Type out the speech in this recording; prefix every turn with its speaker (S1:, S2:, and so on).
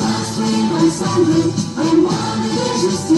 S1: Last week, my Sunday, and what did you say?